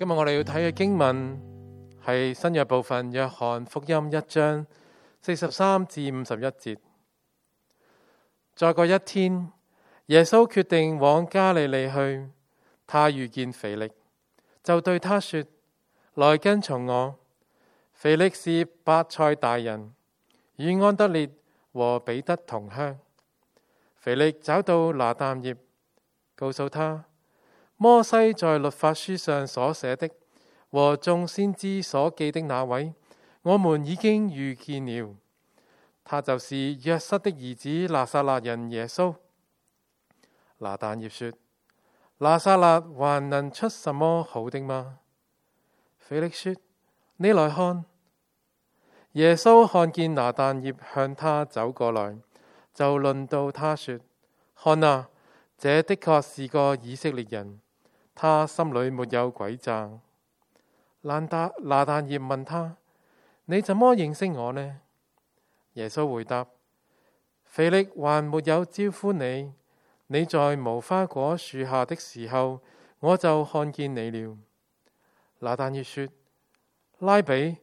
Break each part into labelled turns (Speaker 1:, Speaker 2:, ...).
Speaker 1: 今日我哋要睇嘅經文係新約部分《約翰福音》一章四十三至五十一節。再過一天，耶穌決定往加利利去。他遇見腓力，就對他說：來跟從我。腓力是伯賽大人，與安德烈和彼得同鄉。腓力找到拿但業，告訴他。摩西在律法書上所寫的和眾先知所記的那位，我們已經遇見了，他就是約瑟的兒子拿撒勒人耶穌。拿但業說：拿撒勒還能出什麼好的嗎？腓力說：你來看。耶穌看見拿但業向他走過來，就輪到他說：看啊，這的確是個以色列人。他心裏沒有詭詐。蘭達、拿但業問他：你怎麼認識我呢？耶穌回答：腓力還沒有招呼你，你在無花果樹下的時候，我就看見你了。拿但業說：拉比，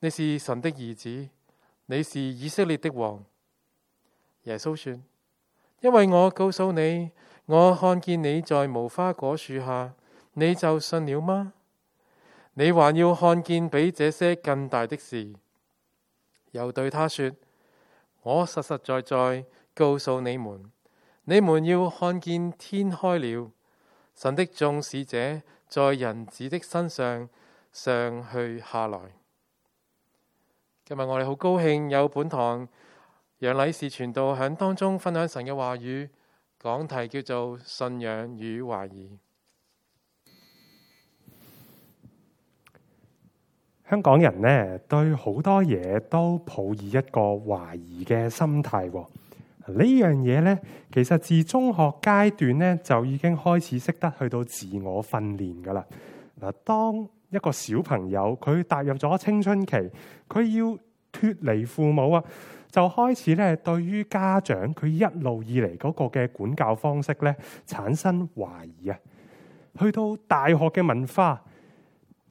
Speaker 1: 你是神的兒子，你是以色列的王。耶穌說：因為我告訴你，我看見你在無花果樹下。你就信了嗎？你還要看見比這些更大的事。又對他說：我實實在在告訴你們，你們要看見天開了，神的眾使者在人子的身上上去下來。今日我哋好高興有本堂楊禮士傳道喺當中分享神嘅話語，講題叫做信仰與懷疑。香
Speaker 2: 港人咧，對好多嘢，都抱以一個懷疑嘅心態哦。呢樣嘢咧，其實自中學階段咧就已經開始識得去到自我訓練噶啦。嗱，當一個小朋友佢踏入咗青春期，佢要脫離父母啊，就開始咧對於家長佢一路以嚟嗰個嘅管教方式咧產生懷疑啊。去到大學嘅文化。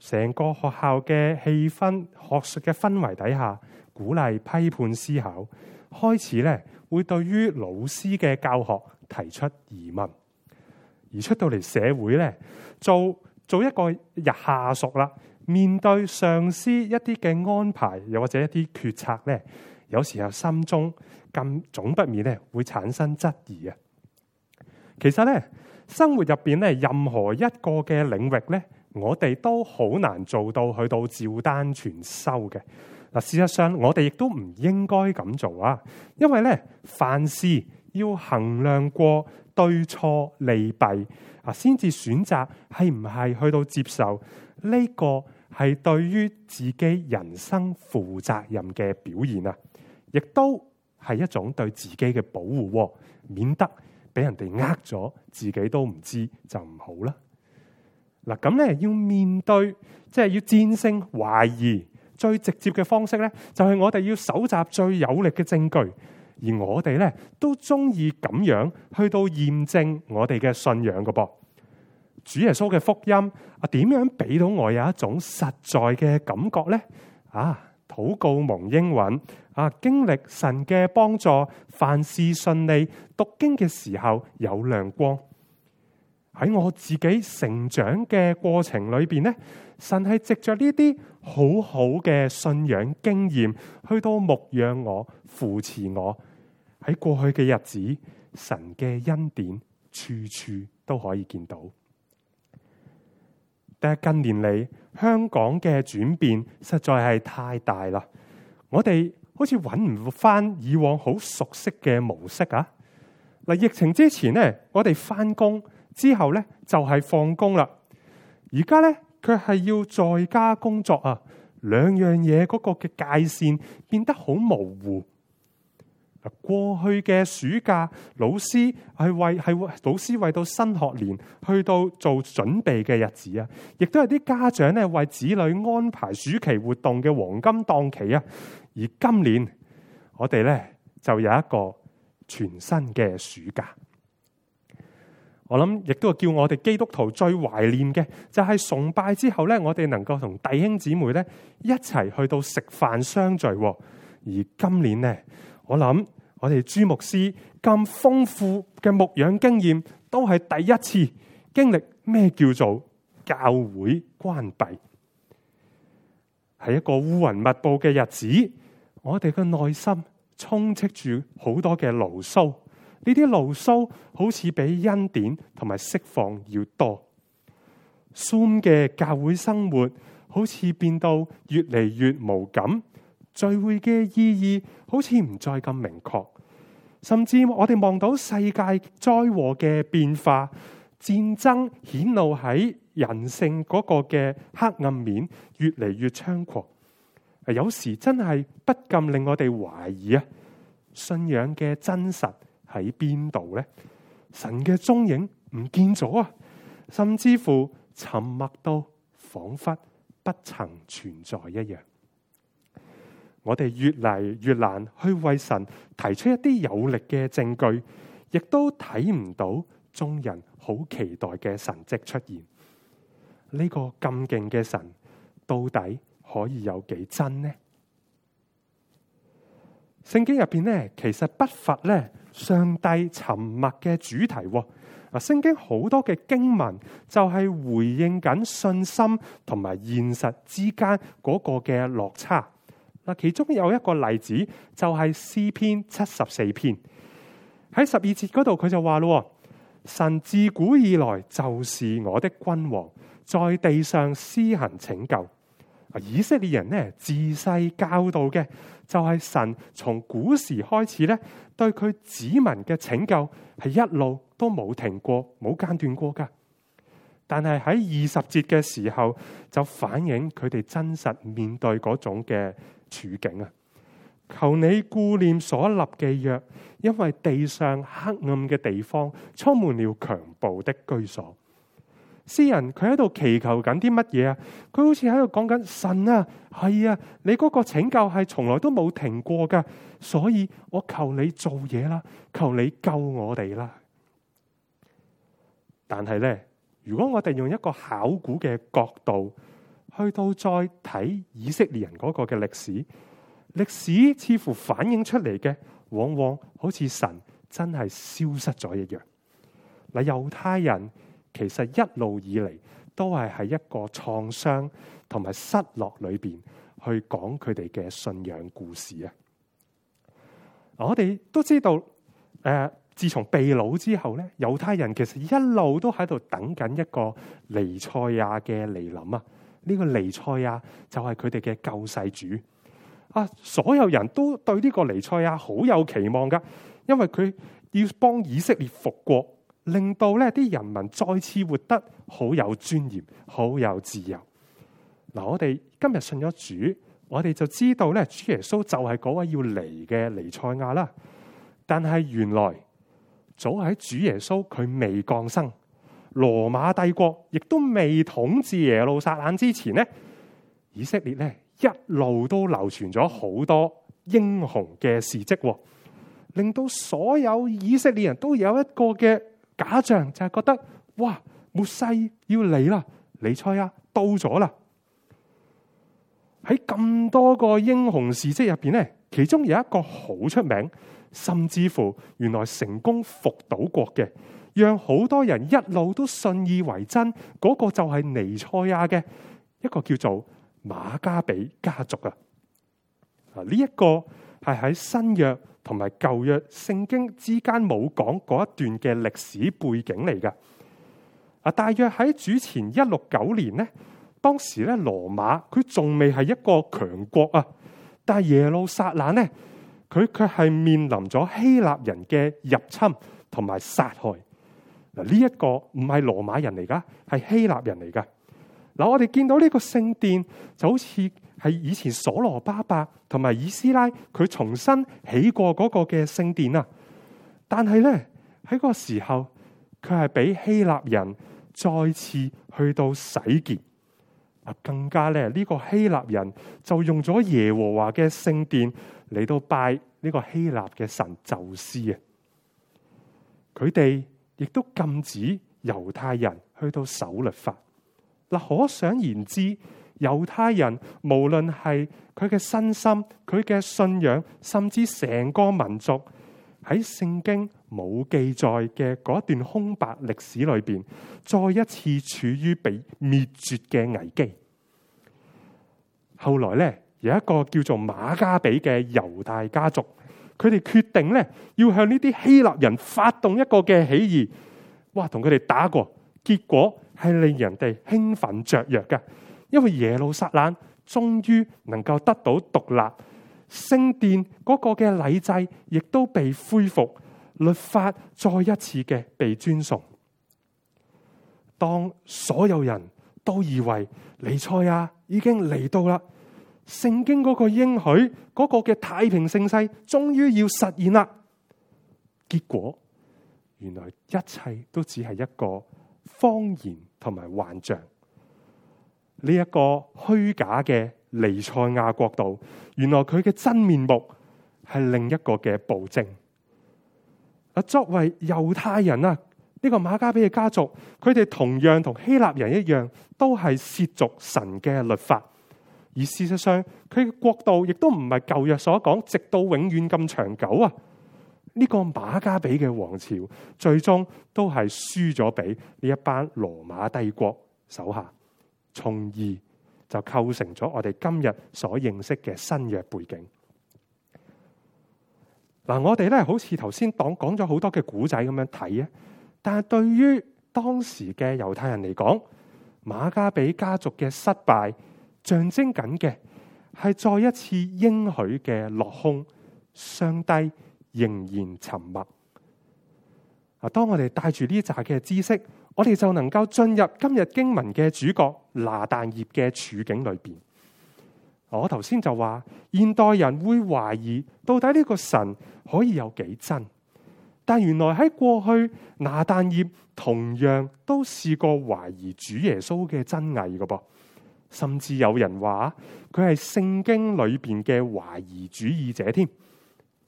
Speaker 2: 成個學校嘅氣氛、學術嘅氛圍底下，鼓勵批判思考，開始咧會對於老師嘅教學提出疑問。而出到嚟社會咧，做做一個日下屬啦，面對上司一啲嘅安排，又或者一啲決策咧，有時候心中咁總不免咧會產生質疑啊。其實咧，生活入邊咧，任何一個嘅領域咧。我哋都好難做到去到照單全收嘅。嗱，事實上我哋亦都唔應該咁做啊！因為咧，凡事要衡量過對錯利弊啊，先至選擇係唔係去到接受，呢個係對於自己人生負責任嘅表現啊，亦都係一種對自己嘅保護，免得俾人哋呃咗，自己都唔知就唔好啦。嗱，咁咧要面對，即係要戰勝懷疑，最直接嘅方式咧，就係我哋要搜集最有力嘅證據。而我哋咧都中意咁樣去到驗證我哋嘅信仰嘅噃。主耶穌嘅福音啊，點樣俾到我有一種實在嘅感覺咧？啊，禱告蒙應允，啊，經歷神嘅幫助，凡事順利，讀經嘅時候有亮光。喺我自己成長嘅過程裏邊咧，神係藉着呢啲好好嘅信仰經驗，去到牧養我、扶持我喺過去嘅日子。神嘅恩典處處都可以見到。但係近年嚟，香港嘅轉變實在係太大啦。我哋好似揾唔翻以往好熟悉嘅模式啊。嗱，疫情之前呢，我哋翻工。之後咧就係放工啦，而家咧佢係要在家工作啊，兩樣嘢嗰個嘅界線變得好模糊。過去嘅暑假，老師係為係老師為到新學年去到做準備嘅日子啊，亦都係啲家長咧為子女安排暑期活動嘅黃金檔期啊。而今年我哋咧就有一個全新嘅暑假。我諗，亦都叫我哋基督徒最懷念嘅，就係崇拜之後呢，我哋能夠同弟兄姊妹呢一齊去到食飯相聚。而今年呢，我諗我哋朱牧師咁豐富嘅牧養經驗，都係第一次經歷咩叫做教會關閉，喺一個烏雲密布嘅日子。我哋嘅內心充斥住好多嘅牢騷。呢啲牢騷好似比恩典同埋釋放要多。Zoom 嘅教會生活好似變到越嚟越無感，聚會嘅意義好似唔再咁明確。甚至我哋望到世界災禍嘅變化，戰爭顯露喺人性嗰個嘅黑暗面越嚟越猖狂。有時真係不禁令我哋懷疑啊，信仰嘅真實喺邊度呢？神嘅蹤影唔見咗啊！甚至乎沉默到仿佛不曾存在一樣。我哋越嚟越難去為神提出一啲有力嘅證據，亦都睇唔到眾人好期待嘅神蹟出現。呢個咁勁嘅神到底可以有幾真呢？聖經入邊呢，其實不乏呢。上帝沉默嘅主題，啊，聖經好多嘅經文就係回應緊信心同埋現實之間嗰個嘅落差。嗱，其中有一個例子就係詩篇七十四篇，喺十二節嗰度佢就話咯，神自古以來就是我的君王，在地上施行拯救。以色列人呢，自細教導嘅就係、是、神從古時開始呢，對佢子民嘅拯救係一路都冇停過冇間斷過噶但係喺二十節嘅時候就反映佢哋真實面對嗰種嘅處境啊！求你顧念所立嘅約，因為地上黑暗嘅地方充滿了強暴的居所。詩人佢喺度祈求緊啲乜嘢啊？佢好似喺度講緊神啊，係啊，你嗰個拯救係從來都冇停過噶，所以我求你做嘢啦，求你救我哋啦。但係咧，如果我哋用一個考古嘅角度去到再睇以色列人嗰個嘅歷史，歷史似乎反映出嚟嘅，往往好似神真係消失咗一樣。嗱，猶太人，其實一路以嚟都係喺一個創傷同埋失落裏邊去講佢哋嘅信仰故事啊！我哋都知道，誒、呃，自從被擄之後咧，猶太人其實一路都喺度等緊一個尼賽亞嘅來臨啊！呢個尼賽亞就係佢哋嘅救世主啊！所有人都對呢個尼賽亞好有期望噶，因為佢要幫以色列復國。令到咧啲人民再次活得好有尊嚴、好有自由。嗱，我哋今日信咗主，我哋就知道咧，主耶穌就係嗰位要嚟嘅彌賽亞啦。但係原來早喺主耶穌佢未降生、羅馬帝國亦都未統治耶路撒冷之前呢，以色列咧一路都流傳咗好多英雄嘅事迹，令到所有以色列人都有一個嘅。假象就係覺得哇，末世要嚟啦，彌賽亞到咗啦。喺咁多個英雄事跡入邊咧，其中有一個好出名，甚至乎原來成功復到國嘅，讓好多人一路都信以為真。嗰、那個就係彌賽亞嘅一個叫做馬加比家族啊。啊，呢一個係喺新約同埋舊約聖經之間冇講嗰一段嘅歷史背景嚟噶。啊，大約喺主前一六九年呢，當時咧羅馬佢仲未係一個強國啊，但係耶路撒冷咧，佢卻係面臨咗希臘人嘅入侵同埋殺害。嗱，呢一個唔係羅馬人嚟噶，係希臘人嚟噶。嗱，我哋見到呢個聖殿就好似，係以前所羅巴伯同埋以斯拉佢重新起過嗰個嘅聖殿啊，但係咧喺個時候佢係俾希臘人再次去到洗劫啊，更加咧呢個希臘人就用咗耶和華嘅聖殿嚟到拜呢個希臘嘅神宙斯啊，佢哋亦都禁止猶太人去到守律法，嗱，可想而知。猶太人無論係佢嘅身心、佢嘅信仰，甚至成個民族喺聖經冇記載嘅嗰段空白歷史裏邊，再一次處於被滅絕嘅危機。後來咧，有一個叫做馬加比嘅猶大家族，佢哋決定咧要向呢啲希臘人發動一個嘅起義。哇，同佢哋打過，結果係令人哋興奮雀躍嘅。因為耶路撒冷終於能夠得到獨立，聖殿嗰個嘅禮制亦都被恢復，律法再一次嘅被尊崇。當所有人都以為彌賽亞已經嚟到啦，聖經嗰個應許嗰個嘅太平盛世終於要實現啦，結果原來一切都只係一個謊言同埋幻象。呢、這、一個虛假嘅尼賽亞國度，原來佢嘅真面目係另一個嘅暴政。啊，作為猶太人啊，呢、這個馬加比嘅家族，佢哋同樣同希臘人一樣，都係褻瀆神嘅律法。而事實上，佢嘅國度亦都唔係舊約所講，直到永遠咁長久啊！呢、這個馬加比嘅王朝，最終都係輸咗俾呢一班羅馬帝國手下。從而就構成咗我哋今日所認識嘅新約背景。嗱，我哋咧好似頭先講講咗好多嘅古仔咁樣睇啊，但係對於當時嘅猶太人嚟講，馬加比家族嘅失敗象徵緊嘅係再一次應許嘅落空，上帝仍然沉默。啊，當我哋帶住呢一紮嘅知識。我哋就能夠進入今日經文嘅主角拿但業嘅處境裏邊。我頭先就話現代人會懷疑到底呢個神可以有幾真，但原來喺過去拿但業同樣都試過懷疑主耶穌嘅真偽㗎噃，甚至有人話佢係聖經裏邊嘅懷疑主義者添，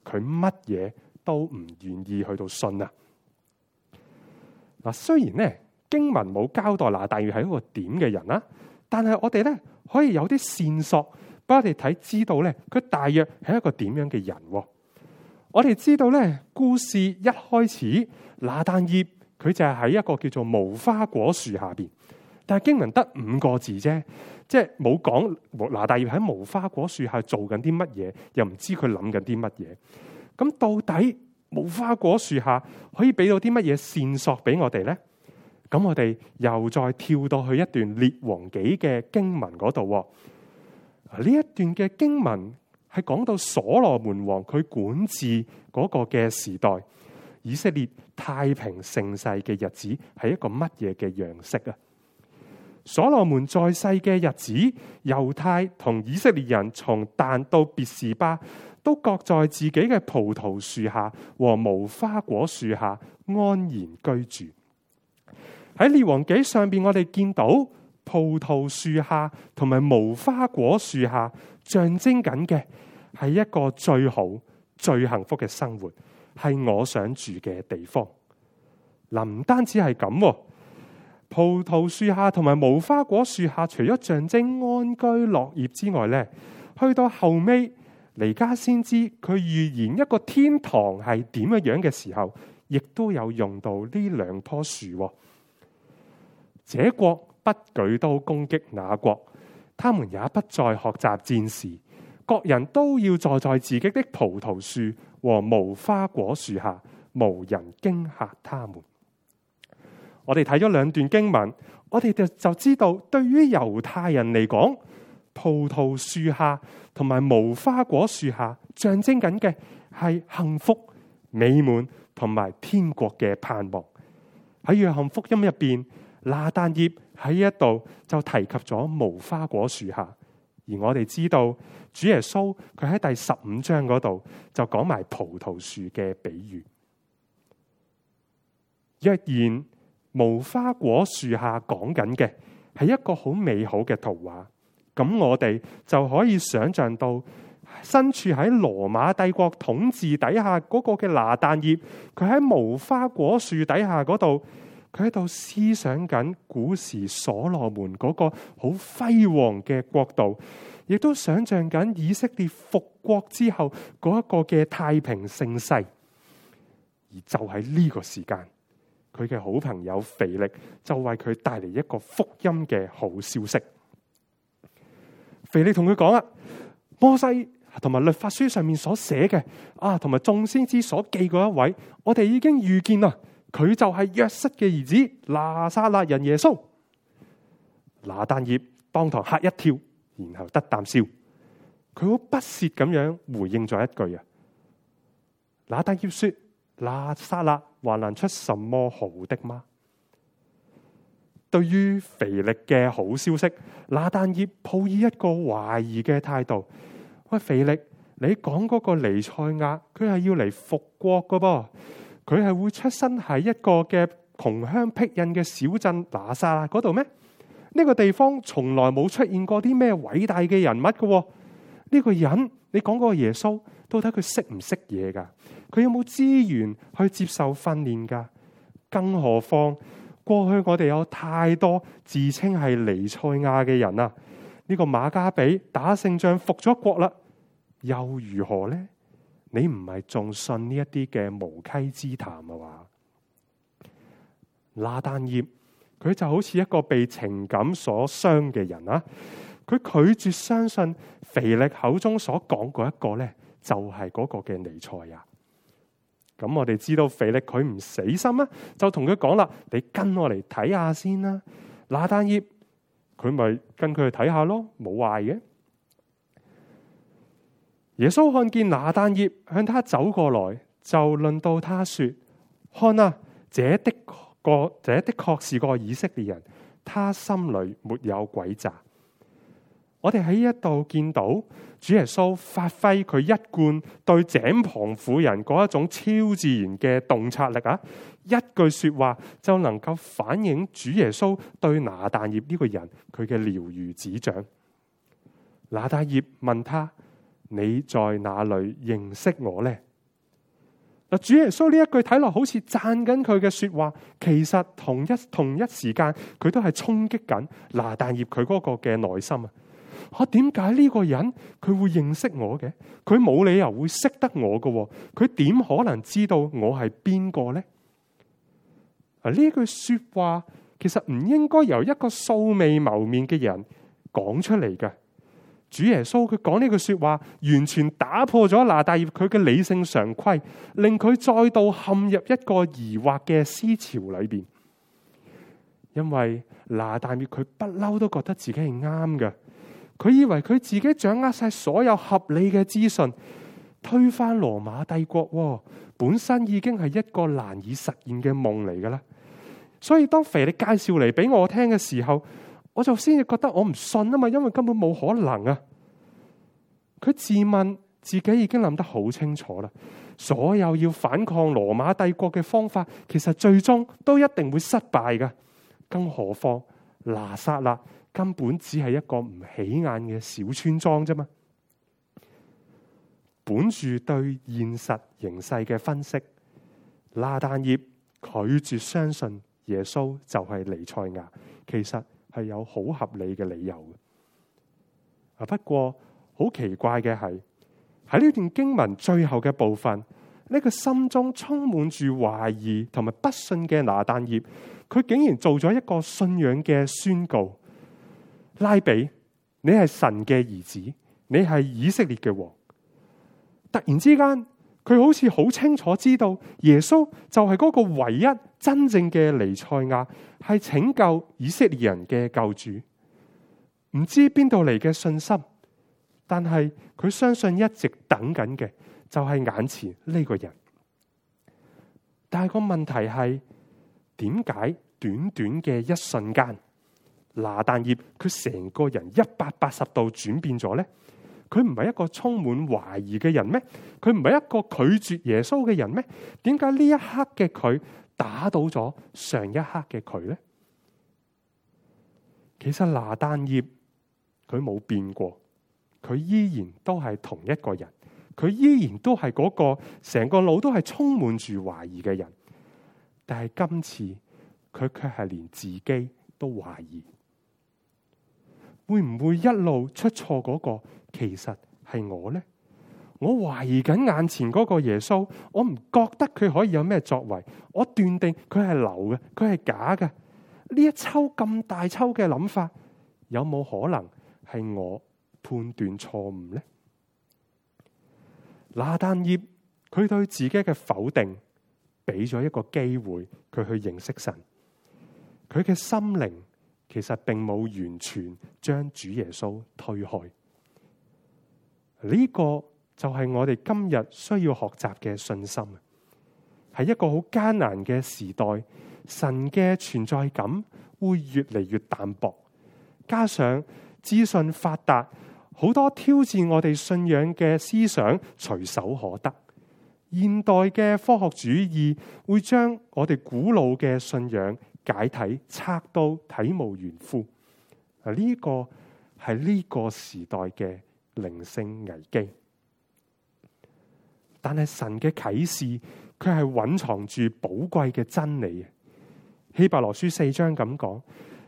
Speaker 2: 佢乜嘢都唔願意去到信啊。嗱，雖然咧經文冇交代，拿但葉係一個點嘅人啦，但係我哋咧可以有啲線索，俾我哋睇知道咧，佢大約係一個點樣嘅人。我哋知道咧，故事一開始，拿但葉佢就係喺一個叫做無花果樹下邊，但係經文得五個字啫，即係冇講拿但葉喺無花果樹下做緊啲乜嘢，又唔知佢諗緊啲乜嘢，咁到底？無花果樹下可以俾到啲乜嘢線索俾我哋呢？咁我哋又再跳到去一段列王紀嘅經文嗰度。呢一段嘅經文係講到所羅門王佢管治嗰個嘅時代，以色列太平盛世嘅日子係一個乜嘢嘅樣式啊？所羅門在世嘅日子，猶太同以色列人從但到別是巴。都各在自己嘅葡萄樹下和無花果樹下安然居住。喺列王記上邊，我哋見到葡萄樹下同埋無花果樹下象徵緊嘅係一個最好最幸福嘅生活，係我想住嘅地方。嗱，唔單止係咁，葡萄樹下同埋無花果樹下，除咗象徵安居樂業之外咧，去到後尾。彌迦先知佢預言一個天堂係點樣樣嘅時候，亦都有用到呢兩棵樹。這國不舉刀攻擊那國，他們也不再學習戰事，各人都要坐在，在自己的葡萄樹和無花果樹下，無人驚嚇他們。我哋睇咗兩段經文，我哋就，就知道對於猶太人嚟講。葡萄樹下同埋無花果樹下象徵緊嘅係幸福美滿同埋天國嘅盼望。喺約翰福音入邊，拿但業喺呢一度就提及咗無花果樹下，而我哋知道主耶穌佢喺第十五章嗰度就講埋葡萄樹嘅比喻。若然無花果樹下講緊嘅係一個好美好嘅圖畫。咁我哋就可以想象到身處喺羅馬帝國統治底下嗰個嘅拿但業，佢喺無花果樹底下嗰度，佢喺度思想緊古時所羅門嗰個好輝煌嘅國度，亦都想象緊以色列復國之後嗰一個嘅太平盛世。而就喺呢個時間，佢嘅好朋友腓力就為佢帶嚟一個福音嘅好消息。腓力同佢講啊，摩西同埋律法書上面所寫嘅，啊，同埋眾先知所記嗰一位，我哋已經預見啦，佢就係約瑟嘅兒子拿撒勒人耶穌。拿單葉當堂吓一跳，然後得啖笑，佢好不屑咁樣回應咗一句啊，拿單葉說，拿撒勒還能出什麼好的嗎？對於腓力嘅好消息，拿但業抱以一個懷疑嘅態度。喂，腓力，你講嗰個尼賽亞，佢係要嚟復國㗎噃，佢係會出生喺一個嘅窮鄉僻壤嘅小鎮拿撒勒嗰度咩？呢個地方從來冇出現過啲咩偉大嘅人物嘅。呢個人，你講嗰個耶穌，到底佢識唔識嘢㗎？佢有冇資源去接受訓練㗎？更何況。過去我哋有太多自稱係尼賽亞嘅人啊，呢個馬加比打勝仗復咗國啦，又如何呢？你唔係仲信呢一啲嘅無稽之談啊？話拿但業佢就好似一個被情感所傷嘅人啊，佢拒絕相信腓力口中所講嗰一個咧，就係嗰個嘅尼賽亞。咁、嗯、我哋知道腓力佢唔死心啊，就同佢講啦，你跟我嚟睇下先啦。拿但業，佢咪跟佢去睇下咯，冇壞嘅。耶穌看見拿但業向他走過來，就輪到他說：看啊，這的個這的確是個以色列人，他心裏沒有詭詐。我哋喺呢一度見到主耶穌發揮佢一貫對井旁婦人嗰一種超自然嘅洞察力啊！一句說話就能夠反映主耶穌對拿但業呢個人佢嘅了如指掌。拿但業問他：你在哪裡認識我呢？嗱，主耶穌呢一句睇落好似讚緊佢嘅說話，其實同一同一時間佢都係衝擊緊拿但業佢嗰個嘅內心啊！我點解呢個人佢會認識我嘅？佢冇理由會識得我嘅，佢點可能知道我係邊個呢？啊！呢句說話其實唔應該由一個素未謀面嘅人講出嚟嘅。主耶穌佢講呢句說話，完全打破咗拿大葉佢嘅理性常規，令佢再度陷入一個疑惑嘅思潮裏邊。因為拿大葉佢不嬲都覺得自己係啱嘅。佢以為佢自己掌握晒所有合理嘅資訊，推翻羅馬帝國，本身已經係一個難以實現嘅夢嚟噶啦。所以當肥力介紹嚟俾我聽嘅時候，我就先至覺得我唔信啊嘛，因為根本冇可能啊。佢自問自己已經諗得好清楚啦，所有要反抗羅馬帝國嘅方法，其實最終都一定會失敗噶。更何況拿撒勒。根本只係一個唔起眼嘅小村莊啫嘛。本住對現實形勢嘅分析，拿但業拒絕相信耶穌就係彌賽亞，其實係有好合理嘅理由嘅。啊，不過好奇怪嘅係喺呢段經文最後嘅部分，呢個心中充滿住懷疑同埋不信嘅拿但業，佢竟然做咗一個信仰嘅宣告。拉比，你係神嘅兒子，你係以色列嘅王。突然之間，佢好似好清楚知道耶穌就係嗰個唯一真正嘅彌賽亞，係拯救以色列人嘅救主。唔知邊度嚟嘅信心，但係佢相信一直等緊嘅就係眼前呢個人。但係個問題係點解短短嘅一瞬間？拿但葉佢成個人一百八十度轉變咗呢？佢唔係一個充滿懷疑嘅人咩？佢唔係一個拒絕耶穌嘅人咩？點解呢一刻嘅佢打倒咗上一刻嘅佢呢？其實拿但葉佢冇變過，佢依然都係同一個人，佢依然都係嗰、那個成個腦都係充滿住懷疑嘅人，但係今次佢卻係連自己都懷疑。會唔會一路出錯嗰個其實係我呢？我懷疑緊眼前嗰個耶穌，我唔覺得佢可以有咩作為，我斷定佢係流嘅，佢係假嘅。呢一抽咁大抽嘅諗法，有冇可能係我判斷錯誤呢？拿但業，佢對自己嘅否定，俾咗一個機會佢去認識神，佢嘅心靈。其實並冇完全將主耶穌推開，呢個就係我哋今日需要學習嘅信心。喺一個好艱難嘅時代，神嘅存在感會越嚟越淡薄，加上資訊發達，好多挑戰我哋信仰嘅思想隨手可得。現代嘅科學主義會將我哋古老嘅信仰。解體、測刀、體無完膚，啊、這個！呢個係呢個時代嘅靈性危機。但係神嘅啟示，佢係隱藏住寶貴嘅真理。希伯羅書四章咁講，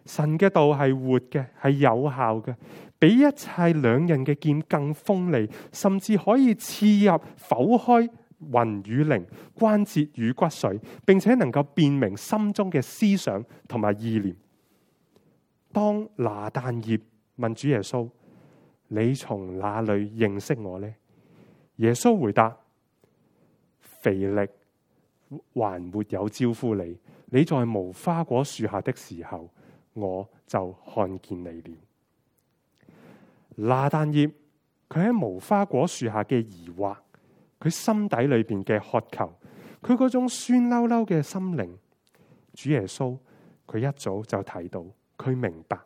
Speaker 2: 神嘅道係活嘅，係有效嘅，比一切兩人嘅劍更鋒利，甚至可以刺入、剖開。魂與靈、關節與骨髓，並且能夠辨明心中嘅思想同埋意念。當拿但業問主耶穌：你從哪裏認識我呢？耶穌回答：腓力還沒有招呼你，你在無花果樹下的時候，我就看見你了。拿但業佢喺無花果樹下嘅疑惑。佢心底裏邊嘅渴求，佢嗰種酸溜溜嘅心靈，主耶穌佢一早就睇到，佢明白。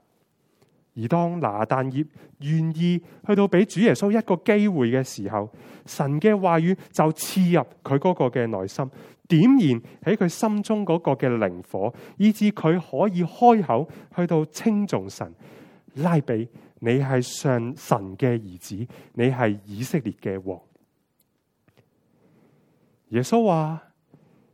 Speaker 2: 而當拿但葉願意去到俾主耶穌一個機會嘅時候，神嘅話語就刺入佢嗰個嘅內心，點燃喺佢心中嗰個嘅靈火，以致佢可以開口去到稱頌神。拉比，你係上神嘅兒子，你係以色列嘅王。耶穌話：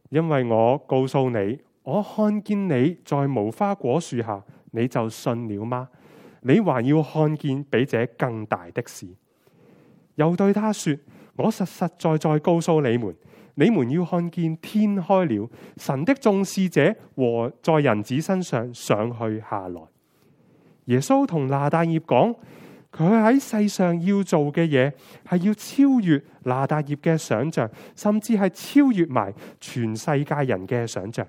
Speaker 2: 因為我告訴你，我看見你在無花果樹下，你就信了嗎？你還要看見比這更大的事。又對他說：我實實在在告訴你們，你們要看見天開了，神的眾使者和在人子身上上去下來。耶穌同拿大葉講。佢喺世上要做嘅嘢係要超越拿但業嘅想象，甚至係超越埋全世界人嘅想象。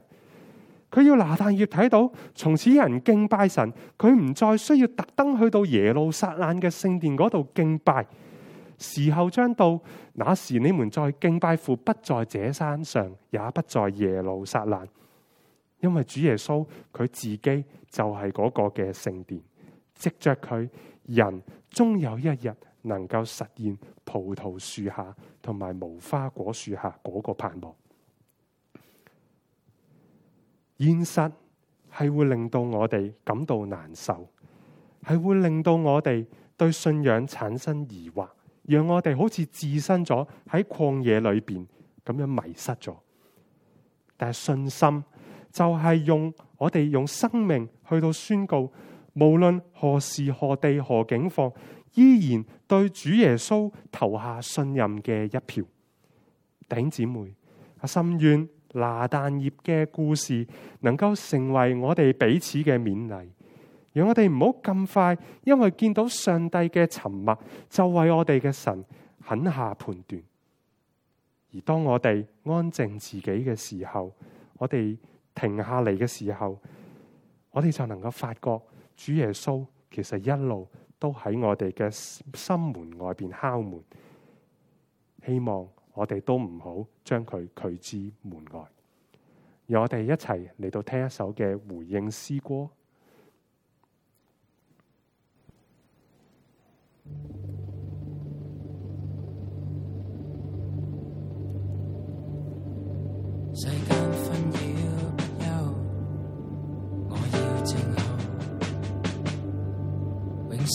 Speaker 2: 佢要拿但業睇到，從此人敬拜神，佢唔再需要特登去到耶路撒冷嘅聖殿嗰度敬拜。時候將到，那時你們在敬拜父，父不在這山上，也不在耶路撒冷，因為主耶穌佢自己就係嗰個嘅聖殿，即着佢。人終有一日能夠實現葡萄樹下同埋無花果樹下嗰個盼望。現實係會令到我哋感到難受，係會令到我哋對信仰產生疑惑，讓我哋好似置身咗喺曠野裏邊咁樣迷失咗。但係信心就係用我哋用生命去到宣告。無論何時何地何境況，依然對主耶穌投下信任嘅一票。弟兄姐妹，阿心願拿但業嘅故事，能夠成為我哋彼此嘅勉勵，讓我哋唔好咁快，因為見到上帝嘅沉默，就為我哋嘅神狠下判斷。而當我哋安靜自己嘅時候，我哋停下嚟嘅時候，我哋就能夠發覺。主耶穌其實一路都喺我哋嘅心門外邊敲門，希望我哋都唔好將佢拒之門外。而我哋一齊嚟到聽一首嘅回應詩歌。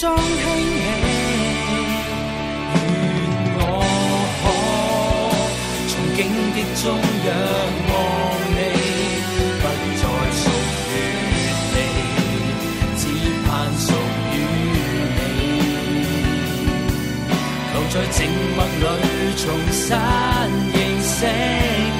Speaker 3: 將興起，願我可從荊棘中仰望你，不再屬於你，只盼屬於你，留在靜默裏重新認識。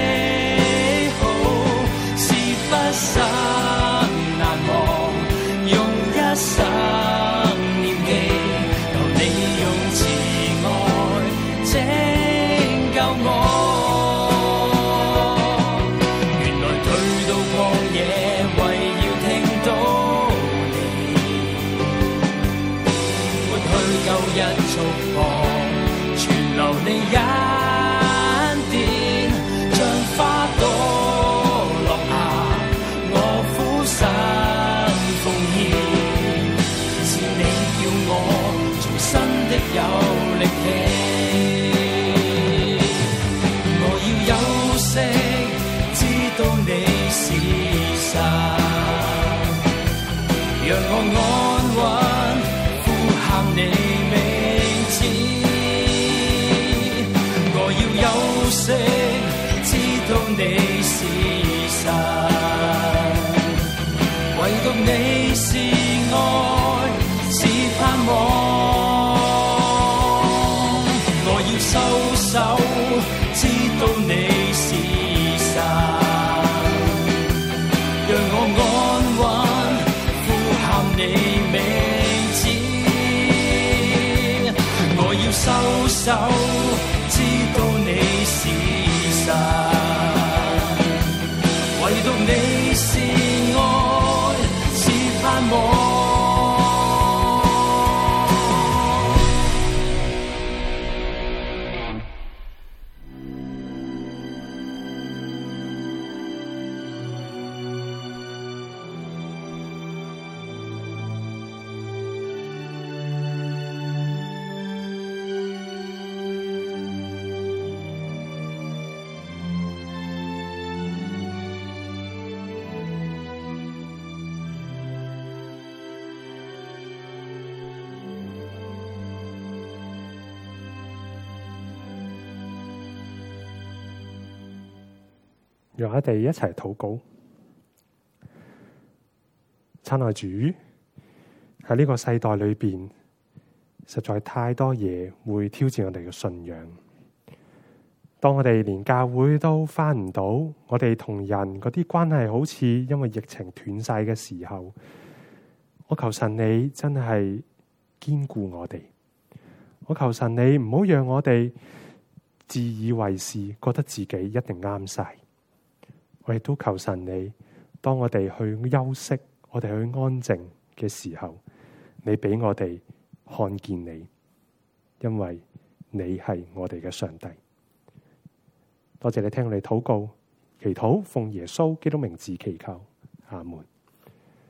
Speaker 3: 你是神，唯獨你是愛，是盼望。我要收手，知道你是神，讓我安穩呼喊你名字。我要收手。
Speaker 2: 讓我哋一齊禱告，親愛的主，喺呢個世代裏邊，實在太多嘢會挑戰我哋嘅信仰。當我哋連教會都翻唔到，我哋同人嗰啲關係好似因為疫情斷晒嘅時候，我求神你真係堅固我哋。我求神你唔好讓我哋自以為是，覺得自己一定啱晒。我亦都求神你，當我哋去休息，我哋去安靜嘅時候，你俾我哋看見你，因為你係我哋嘅上帝。多謝你聽我哋禱告、祈禱，奉耶穌基督名字祈求，阿門。